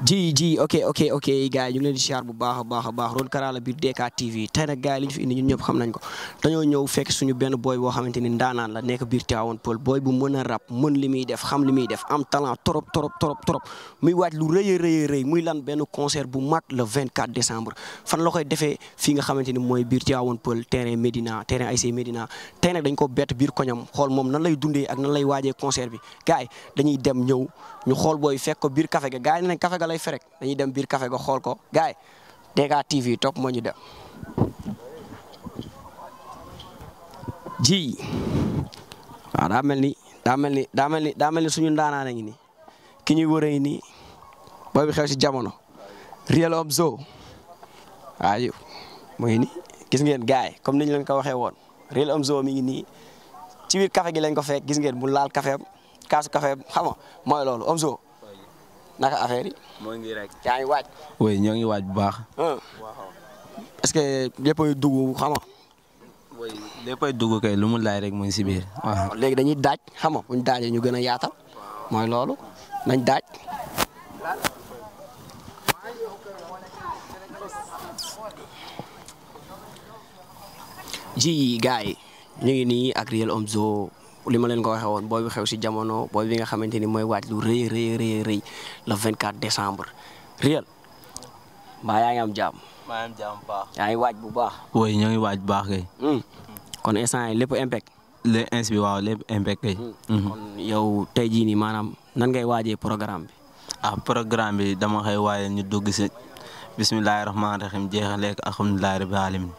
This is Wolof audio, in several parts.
ji ji ok ok ok gars yi ñu ngi leen di siyaar bu baax a baax a baax Ron Kara la biir DK TV tey nag gars yi li ñu fi indi ñun ñëpp xam nañ ko dañoo ñëw fekk benn booy boo xamante ni la nekk biir Tivaouane Peulh booy la koy defee fii nga xamante ni mooy biir Tivaouane Peulh terrain Médina terrain ASC Médina tey ko biir koñam xool moom nan lay dundee ak nan lay waajee concert bi gars yi dañuy dem ñëw ñu xool booy fekk kafe lay ferek dañuy dem biir kafe go xool ko gaay yi DK TV topp moo ñu dem. ji waaw daa mel ni daa mel ni daa mel ni daa mel ni suñu ndaanaan a ngi nii ki ñuy wëree nii boobu xew si jamono Real Homme Show waaw mooy ni gis ngeen gars yi comme niñ leen ko waxee woon Real Homme Show mi ngi nii ci biir kafe gi lañ ko fekk gis ngeen mu laal kafeem kaasu kafeem xam nga loolu Homme Show naka affaire yi. moo ngi rek. yaa ngi waaj. oui ñoo ngi waaj bu baax. est que léppay dugg xam nga. oui léppay dugg kay lu mu laay rek mooy si biir léegi dañuy daaj xam nga daaj daajee ñu gën a yaatal mooy loolu nañ daaj. ji gars yi ñu ngi nii ak Real Omzo li ma leen ko waxee woon booy bi xew si jamono booy bi nga xamante ni mooy waaj lu rëy rëy rëy rëy le 24 réel yaa ngi am jàmm. maa ngi am jàmm waaj bu baax. wooy ñoo ngi waaj bu baax kay. Hmm. kon instant yi lépp impec. les ins bi waaw lépp impec kay. Hmm. Hmm. kon yow tey jii nii maanaam nan ngay waajee programme bi. ah programme bi dama xëy waaye ñu dugg si bismillahi rahmaani rahim jeexaleeg alhamdulilahi rabbil alamin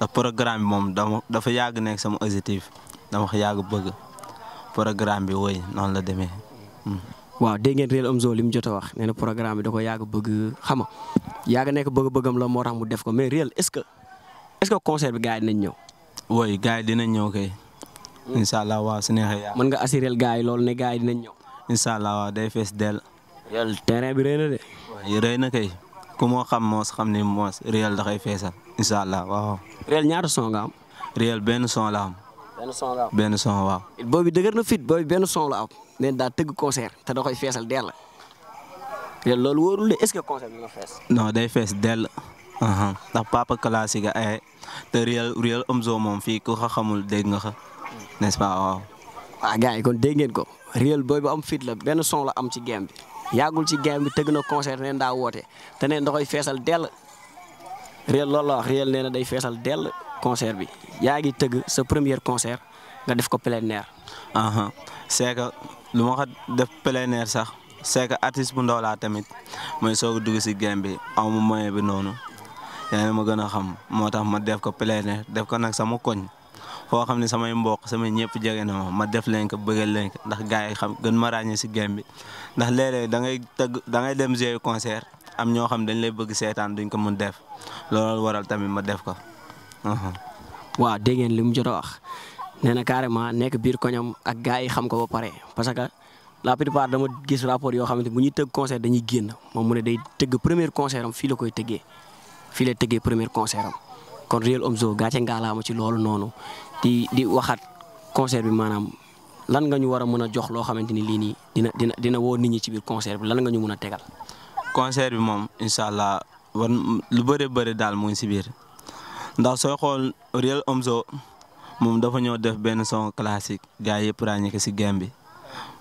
ndax programme moom dama dafa yàgg nekk sama objectif. dama ko yàgg bëgg programme bi woy noonu la demee. Hmm. waaw dégg ngeen réel Omzo li mu jot a wax nee na programme bi da ko yàgg bëgg xama yàgg nekk bëgg-bëggam la moo tax mu def ko mais réel est-ce que est-ce que concert bi gars yi dinañ ñëw. woy gars yi dinañ ñëw kay. Hmm. incha allah waaw su neexee yàlla. mën nga assuré gars yi loolu ne gars yi dinañ ñëw. incha allah waaw day fees dell. réel terrain bi rëy na de. rëy na kay ku moo xam moos xam ni moos réel da koy feesal incha allah waaw. réel ñaata son nga am. réel benn son la am. benn son la am benn son waaw. boobu dëgër na fit boobu benn son la am. nee daa tëgg concert te da feesal dell. te loolu wóorul de est-ce que concert dina fees. non day fees dell. ndax papa classique ay eh, te réel am Omzo moom fii ku ko xamul dégg nga ko n'est-ce waaw. waaw ah, yi kon dégg ngeen ko réel booy bu am fit la benn son la am ci game bi. yàggul ci game bi tëgg na concert neen daa woote te neen da feesal dell. réel loolu la wax réel nee na day feesal dell concert bi yaa ngi tëgg sa première concert nga def ko plein neer c'est lu ma ko def plein air sax c'est que bu ndaw laa tamit mooy soog dugg si game bi aw ma moyen bi noonu yaa ma gën a xam moo tax ma def ko plein air def ko nag sama koñ. foo xam ne samay mbokk sama ñëpp jege na ma ma def leen ko bëggal leen ndax gars yi xam gën ma ràññee si game bi ndax léeg-léeg da tëgg da dem jouer concert. am ñoo xam dañ lay bëgg seetaan duñ ko mën def loolu waral tamit ma def ko. waaw dégg ngeen li mu jot a wax nee na carrément nekk biir koñam ak gars yi xam ko ba pare parce que la plupart dama gis rapport yoo xamante bu ñuy tëgg concert dañuy génn moom mu ne day tëgg premier concert fii la koy tëggee fii la tëggee premier concert am kon Real Omzo gàcce ngaalaama ci loolu noonu di di waxaat concert bi maanaam lan nga ñu war a mën a jox loo xamante ni lii nii dina dina dina woo nit ñi biir concert bi lan nga ñu mën a tegal. concert bi moom incha allah war lu bëri bëri daal mu ngi si biir ndax soo xool Real Omzo moom dafa ñëw def benn son classique gars yëpp ràññee ko si game bi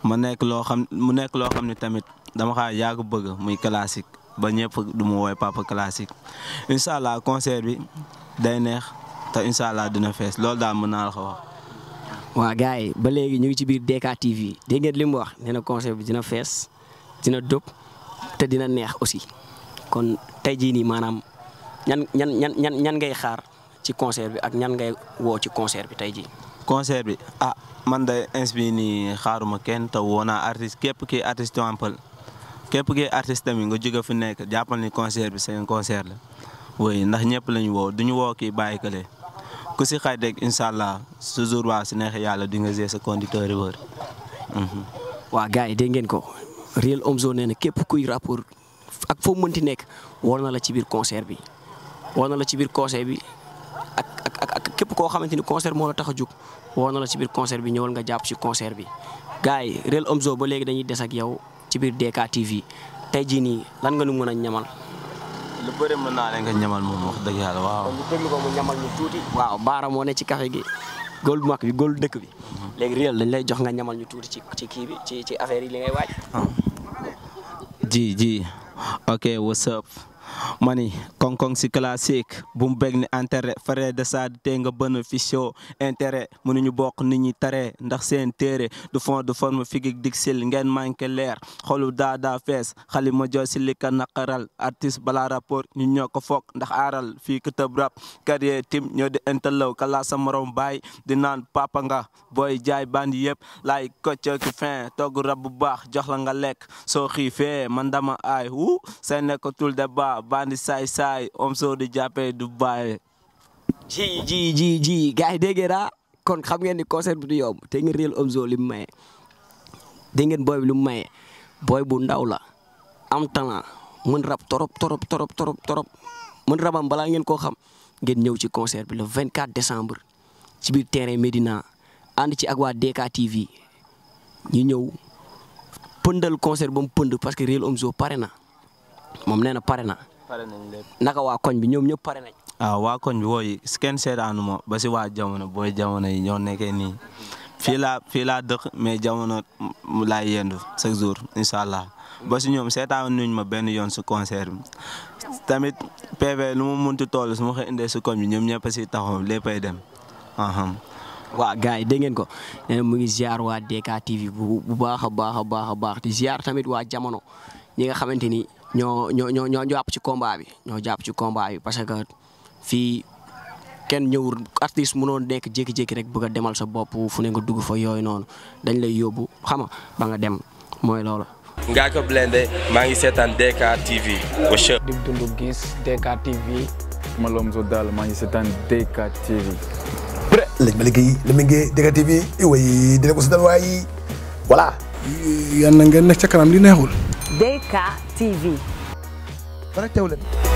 ma nekk loo xam mu nekk loo xam ne tamit dama xaa yàgg bëgg muy classique ba ñëpp du mu woowee papa classique incha allah concert bi day neex te incha dina fees loolu daal mën naa la waa gars yi ba léegi ñu ngi ci biir DK TV dégg ngeen li wax nee na bi dina fees dina dóob. te dina neex aussi kon tey jii nii maanaam ñan ñan ñan ñan ñan ngay xaar ci concert bi ak ñan ngay woo ci concert bi tey jii. concert bi ah man de ins bi nii xaaruma kenn taw woo naa artiste képp kii artiste wampal képp kii artiste tamit nga jóge fu nekk jàppal ni concert bi seen concert la woy ndax ñëpp lañu woo duñu woo kii bàyyi kële ku si xaj rek incha allah toujours waa si neexee yàlla di nga gis sa conducteur yi wër. Mhm. waa gars yi ko. Real Omzo nee na képp kuy rapport ak foo mënti nekk war na la ci biir concert bi war na la ci biir concert bi ak ak ak képp koo xamante ni concert moo tax a jóg la ci biir concert bi ñëwal nga jàpp ci concert bi. gars yi Real Omzo ba léegi dañuy des ak yow ci biir DK TV tey jii nii lan nga nu mën a ñamal. lu bëri mën naa leen nga ñamal moom wax dëgg yàlla waaw. kon baara moo ne ci café gi. góol bu mag bi góol dëkk bi. Mhm. léegi Real dañ lay jox nga ñamal ñu tuuti ci ci kii bi ci ci affaire yi li ngay waaj. Ah. G G. Okay, what's mani konkon si classique bu mu bég ni intérêt frère de Sade te nga bénéficio intérêt ñu bokk nit ñi tare ndax seen téere du fond de forme figig dixil ngeen manqué leer xolu daada fees xali ma joo si li ka naqaral artiste bala rapport ñu ñoo ko foog ndax aaral fii këtëb rap carrière tim ñoo di intalaw kala sa morom baay di naan papa nga booy jaay bandi yëpp laay kocco ki fin togg rab bu baax jox la nga lekk soo xiifee man dama aay wu seen nekkatul de andi saay saay om soo di jàppee du bàyyi ji ji ji ji gars yi kon xam ngeen ni concert bi du yomb te ngeen réel Omzo li mu maye dégg ngeen booy bi li mu booy bu ndaw la am talent mën rab torop torop torop torop torop mën rabam balaa ngeen ko xam ngeen ñëw ci concert bi le 24 décembre ci biir terrain Médina ànd ci ak waa DK TV ñu ñëw pëndal concert ba pënd parce que réel Omzo pare na moom nee pare na pare nañ naka waa koñ bi ñoom ñëpp pare nañ. waaw ah, waa koñ bi wooyi kenn seetaanu ma ba si waa jamono booy jamono yi ñoo nekkee nii fii laa fii laa dëkk mais jamono laa yendu chaque jour incha allah ba si ñoom seetaan nuñ ma benn yoon si concert bi tamit PV lu mu munti toll su ko indee si koñ bi ñoom ñëpp si taxaw léppay dem. waaw gars yi dégg ko nee eh, mu ngi ziar waa DK TV bu baax a baax a baax a baax di ziar tamit waa jamono ñi nga xamante ñoo ñoo ñoo ñoo jàpp ci combat bi ñoo jàpp ci combat bi parce que fii kenn ñëwul artiste mënoon nekk jékki-jékki rek bëgg a demal sa bopp fu ne nga dugg fa yooyu noonu dañ lay yóbbu xam nga ba nga dem mooy loolu. ngaa ko blende maa ngi seetaan DK TV. di dund gis DK TV. Malomzo daal maa ngi seetaan DK TV. pré lañ ma liggéey la ma liggéey DK TV way dina ko seetaan waay voilà. yàlla na nga nekk ca kanam li neexul. DKTV. connectez wu leen